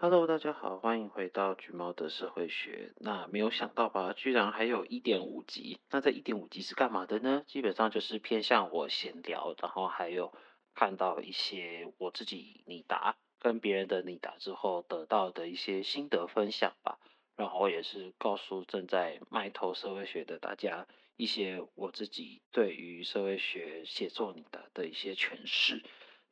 Hello，大家好，歡迎回到橘貓的社會學。那沒有想到吧，居然還有一點五集。那這一點五集是幹嘛的呢？基本上就是偏向我閒聊，然後還有看到一些我自己擬答跟別人的擬答之後得到的一些心得分享吧。然後也是告訴正在埋頭社會學的大家一些我自己對於社會學寫作擬答的一些詮釋。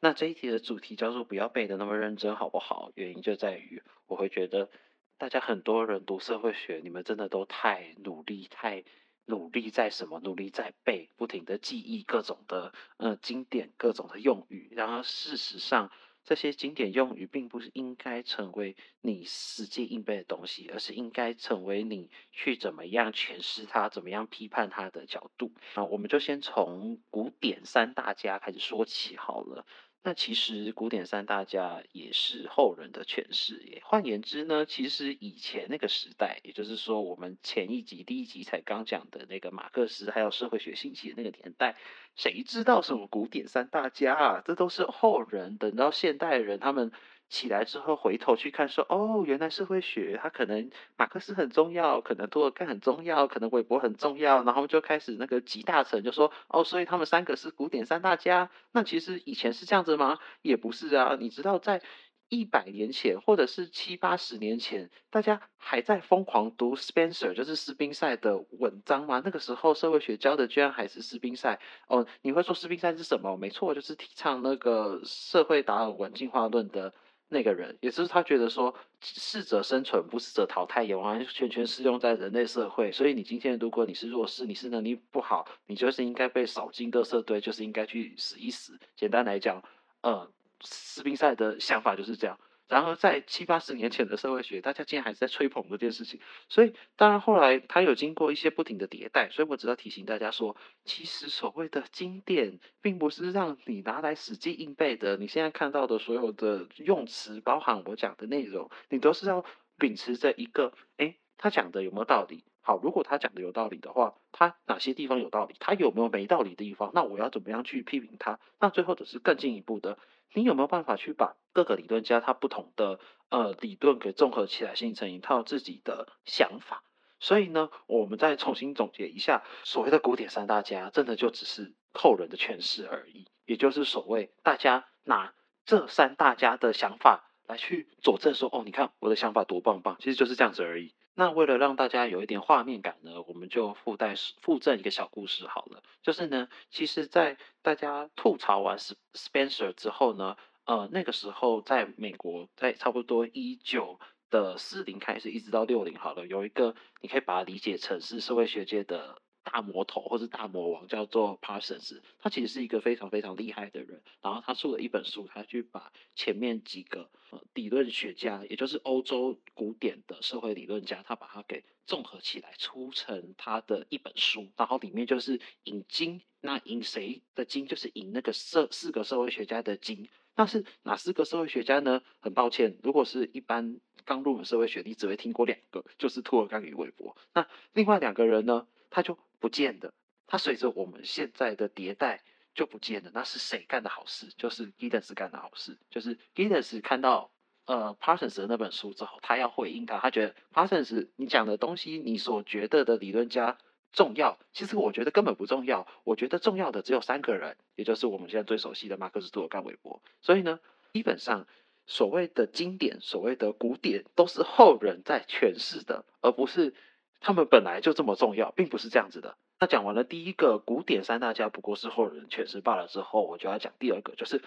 那這一題的主題叫做“不要背的那麼認真”，好不好？原因就在於我會覺得，大家很多人讀社會學，你們真的都太努力，太努力在什麼？努力在背，不停地記憶各種的呃經典，各種的用語。然而事實上，這些經典用語並不是應該成為你死記硬背的東西，而是應該成為你去怎麼樣詮釋它，怎麼樣批判它的角度。那我們就先從古典三大家開始說起好了。那其實古典三大家也是後人的詮釋耶。換言之呢，其實以前那個時代，也就是說我們前一集第一集才剛講的那個馬克思還有社會學興起的那個年代，誰知道什麼古典三大家啊？這都是後人，等到現代人他們。起來之後回頭去看說哦，原來社會學它可能馬克思很重要，可能涂爾幹很重要，可能韋伯很重要，然後就開始那個集大成，就說哦，所以他們三個是古典三大家。那其實以前是這樣子嗎？也不是啊，你知道在一百年前或者是七八十年前，大家還在瘋狂讀 Spencer，就是斯賓塞的文章嗎？那個時候社會學教的居然還是斯賓塞。哦，你會說斯賓塞是什麼？沒錯，就是提倡那個社會達爾文進化論的。那個人，也就是他覺得說，適者生存，不適者淘汰也，完完全全適用在人類社會。所以你今天如果你是弱勢，你是能力不好，你就是應該被掃進垃圾堆，就是應該去死一死。簡單來講，呃，斯賓塞的想法就是這樣。然而，在七八十年前的社會學，大家竟然還是在吹捧這件事情。所以，當然後來它有經過一些不停的迭代。所以，我只要提醒大家說，其實所謂的經典，並不是讓你拿來死記硬背的。你現在看到的所有的用詞，包含我講的內容，你都是要秉持着一個，哎，他講的有沒有道理？好，如果他講的有道理的話，他哪些地方有道理，他有沒有沒道理的地方？那我要怎麼樣去批評他？那最後只是更進一步的，你有沒有辦法去把各個理論家他不同的呃理論給綜合起來，形成一套自己的想法？所以呢，我們再重新總結一下，所謂的古典三大家，真的就只是後人的詮釋而已，也就是所謂大家拿這三大家的想法來去佐證說，哦，你看我的想法多棒棒，其實就是這樣子而已。那為了讓大家有一點畫面感呢，我們就附帶附贈一個小故事好了。就是呢，其實，在大家吐槽完 Spencer 之後呢，呃，那個時候在美國，在差不多一九的四零開始一直到六零，好了，有一個你可以把它理解成是社會學界的。大魔頭或是大魔王叫做 Parsons，他其實是一個非常非常厲害的人。然後他出了一本書，他去把前面幾個、呃、理論學家，也就是歐洲古典的社會理論家，他把它給綜合起來，出成他的一本書。然後裡面就是引經，那引誰的經？就是引那個社四個社會學家的經。但是哪四個社會學家呢？很抱歉，如果是一般剛入門社會學，你只會聽過兩個，就是涂爾幹與韋伯。那另外兩個人呢，他就。不見的，它隨着我們現在的迭代，就不見了。那是誰幹的好事？就是 Giddens 幹的好事。就是 Giddens 看到呃 Parsons 的那本書之後，他要回應他，他覺得 Parsons 你講的東西，你所覺得的理論家重要，其實我覺得根本不重要。我覺得重要的只有三個人，也就是我們現在最熟悉的馬克思、杜爾幹、韋伯。所以呢，基本上所謂的經典、所謂的古典，都是後人在詮釋的，而不是。他們本來就這麼重要，並不是這樣子的。那講完了第一個古典三大家不過是後人詮釋罷了之後，我就要講第二個，就是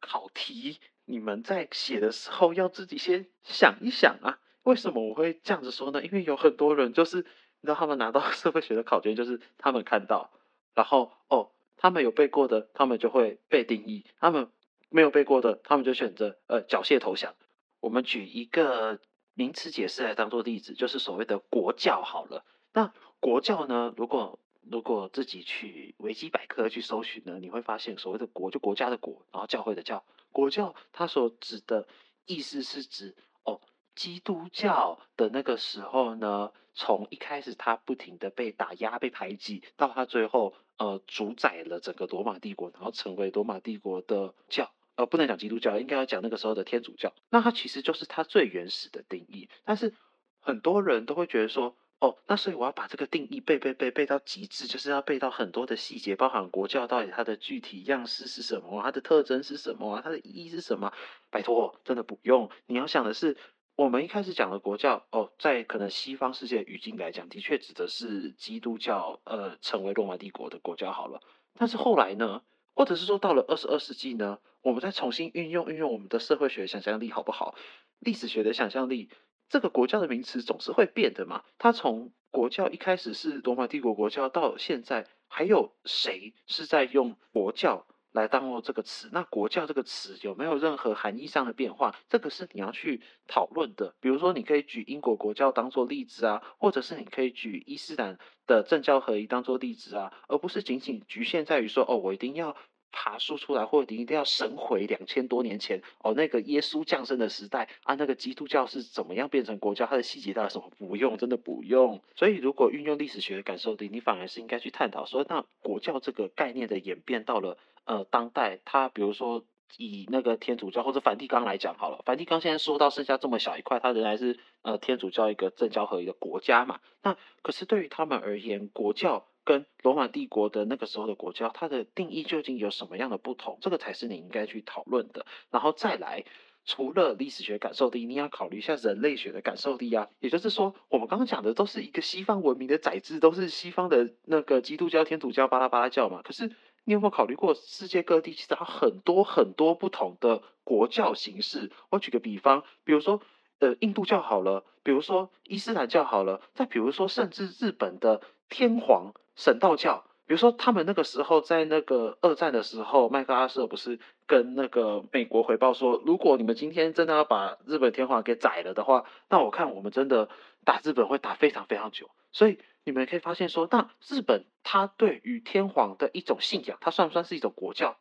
考題。你們在寫的時候要自己先想一想啊。為什麼我會這樣子說呢？因為有很多人就是，你知道他們拿到社會學的考卷，就是他們看到，然後哦，他們有背過的，他們就會背定義；他們沒有背過的，他們就選擇呃繳械投降。我們舉一個。名詞解釋來當做例子，就是所謂的國教好了。那國教呢？如果如果自己去維基百科去搜尋呢，你會發現所謂的國就國家的國，然後教會的教，國教它所指的意思是指哦，基督教的那個時候呢，從一開始它不停的被打壓、被排擠，到它最後呃主宰了整個羅馬帝國，然後成為羅馬帝國的教。呃、哦，不能講基督教，應該要講那個時候的天主教。那它其實就是它最原始的定義。但是很多人都會覺得說，哦，那所以我要把這個定義背背背背到極致，就是要背到很多的細節，包含國教到底它的具體樣式是什麼，它的特徵是什麼，它的意義是什麼？拜托，真的不用。你要想的是，我們一開始講的國教，哦，在可能西方世界語境來講，的確指的是基督教。呃，成為羅馬帝國的國教好了。但是後來呢？或者是說，到了二十二世紀呢，我們再重新運用運用我們的社會學的想象力，好不好？歷史學的想象力，這個國教的名詞總是會變的嘛。它從國教一開始是羅馬帝國國教，到現在還有誰是在用佛教？來當做這個詞，那國教這個詞有沒有任何含義上的變化？這個是你要去討論的。比如說，你可以舉英國國教當做例子啊，或者是你可以舉伊斯蘭的政教合一當做例子啊，而不是僅僅局限在於說哦，我一定要。爬梳出來，或者你一定要神回兩千多年前哦，那個耶穌降生的時代啊，那個基督教是怎麼樣變成國教？它的細節到底什麼不用？真的不用。所以如果運用歷史學的感受力，你反而是應該去探討說，那國教這個概念的演變到了呃當代，它比如說以那個天主教或者梵蒂岡來講好了，梵蒂岡現在縮到剩下這麼小一塊，它仍然是呃天主教一個政教合一的國家嘛。那可是對於他們而言，國教跟羅馬帝國的那個時候的國教，它的定義究竟有什麼樣的不同？這個才是你應該去討論的。然後再來，除了歷史學感受力，你要考慮一下人類學的感受力啊。也就是說，我們剛剛講的都是一個西方文明的宰制，都是西方的那個基督教、天主教、巴拉巴拉教嘛。可是你有沒有考慮過世界各地其實有很多很多不同的國教形式？我舉個比方，比如說呃印度教好了，比如說伊斯蘭教好了，再比如說甚至日本的。天皇神道教，比如說他們那個時候在那個二戰的時候，麥克阿瑟不是跟那個美國回報說，如果你們今天真的要把日本天皇給宰了的話，那我看我們真的打日本會打非常非常久。所以你們可以發現說，那日本它對於天皇的一種信仰，它算不算是一種國教？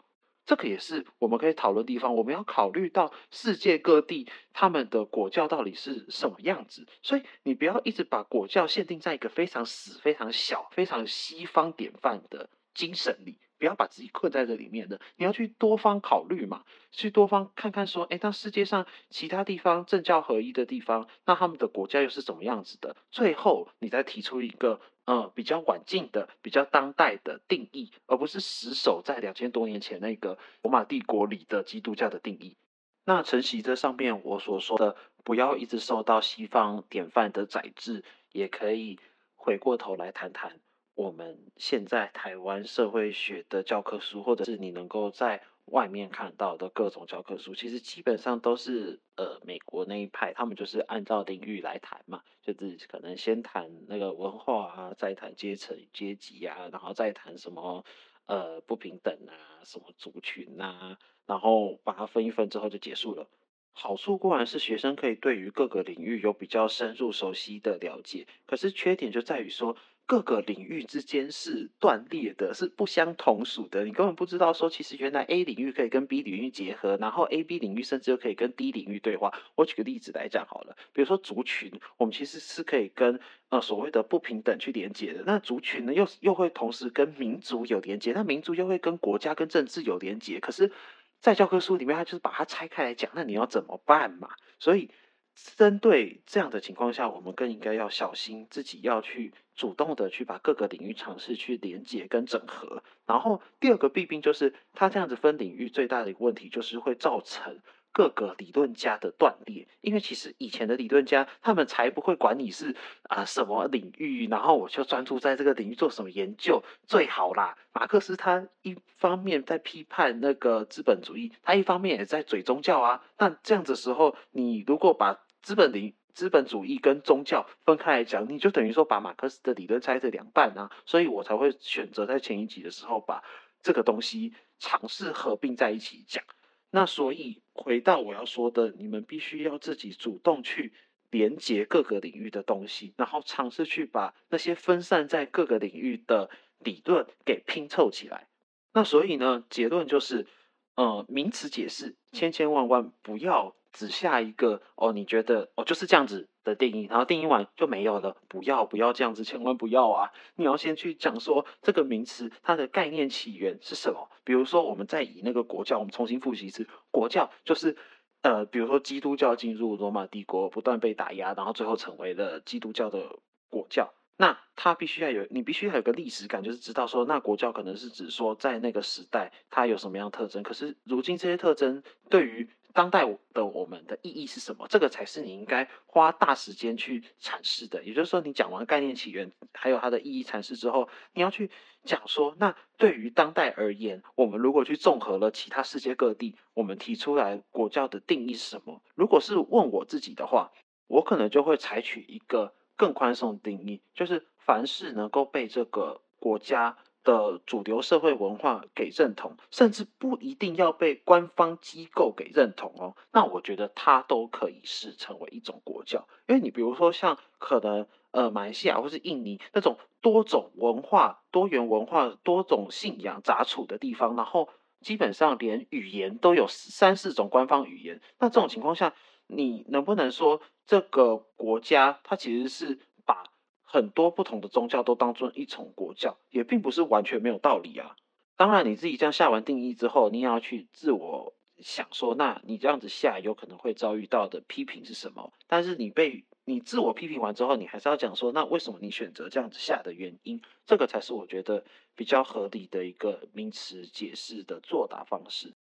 這個也是我們可以討論的地方，我們要考慮到世界各地他們的國教到底是什麼樣子，所以你不要一直把國教限定在一個非常死、非常小、非常西方典範的精神裡。不要把自己困在這裡面的，你要去多方考慮嘛，去多方看看說，誒、欸、那世界上其他地方政教合一的地方，那他們的國家又是怎麼樣子的？最後你再提出一個，呃，比較晚近的、比較當代的定義，而不是死守在兩千多年前那個羅馬帝國裡的基督教的定義。那承襲，這上面我所說的，不要一直受到西方典範的宰制，也可以回過頭來談談。我們現在台灣社會學的教科書，或者是你能夠在外面看到的各種教科書，其實基本上都是呃美國那一派，他們就是按照領域來談嘛，就是可能先談那個文化啊，再談階層階級啊，然後再談什麼呃不平等啊，什麼族群啊，然後把它分一分之後就結束了。好處固然是學生可以對於各個領域有比較深入熟悉的了解，可是缺點就在於說。各個領域之間是斷裂的，是不相同屬的。你根本不知道說，其實原來 A 領域可以跟 B 領域結合，然後 A、B 領域甚至又可以跟 D 領域對話。我舉個例子來講好了，比如說族群，我們其實是可以跟呃所謂的不平等去連接的。那族群呢，又又會同時跟民族有連接，那民族又會跟國家跟政治有連接。可是，在教科書裡面，他就是把它拆開來講，那你要怎麼辦嘛？所以。針對這樣的情況下，我們更應該要小心，自己要去主動的去把各個領域嘗試去連接跟整合。然後第二個弊病就是，他這樣子分領域最大的一個問題就是會造成各個理論家的斷裂，因為其實以前的理論家，他們才不會管你是啊、呃、什麼領域，然後我就專注在這個領域做什麼研究最好啦。馬克思他一方面在批判那個資本主義，他一方面也在嘴宗教啊。那這樣子時候，你如果把資本領資本主義跟宗教分開來講，你就等於說把馬克思的理論拆成兩半啊，所以我才會選擇在前一集的時候把這個東西嘗試合併在一起講。那所以回到我要說的，你們必須要自己主動去連接各個領域的東西，然後嘗試去把那些分散在各個領域的理論給拼湊起來。那所以呢，結論就是，呃，名詞解釋，千千萬萬不要。只下一個哦，你覺得哦，就是這樣子的定義，然後定義完就沒有了，不要不要這樣子，千萬不要啊！你要先去講說這個名詞它的概念起源是什麼？比如說，我們再以那個國教，我們重新複習一次，國教就是呃，比如說基督教進入羅馬帝國，不斷被打壓，然後最後成為了基督教的國教。那它必須要有，你必須要有個歷史感，就是知道說，那國教可能是指說，在那個時代它有什麼樣的特徵。可是如今這些特徵對於當代的我們的意義是什麼？這個才是你應該花大時間去闡釋的。也就是說，你講完概念起源，還有它的意義闡釋之後，你要去講說，那對於當代而言，我們如果去綜合了其他世界各地，我們提出來國教的定義是什麼？如果是問我自己的話，我可能就會採取一個。更寬鬆的定義，就是凡是能夠被這個國家的主流社會文化給認同，甚至不一定要被官方機構給認同哦，那我覺得它都可以是成為一種國教。因為你比如說像可能呃馬來西亞或是印尼那種多種文化、多元文化、多種信仰雜處的地方，然後基本上連語言都有三四種官方語言，那這種情況下，你能不能說這個國家它其實是把很多不同的宗教都當做一重國教，也並不是完全沒有道理啊？當然，你自己這樣下完定義之後，你也要去自我想說，那你這樣子下有可能會遭遇到的批評是什麼？但是你被你自我批評完之後，你還是要講說，那為什麼你選擇這樣子下的原因？這個才是我覺得比較合理的一個名詞解釋的作答方式。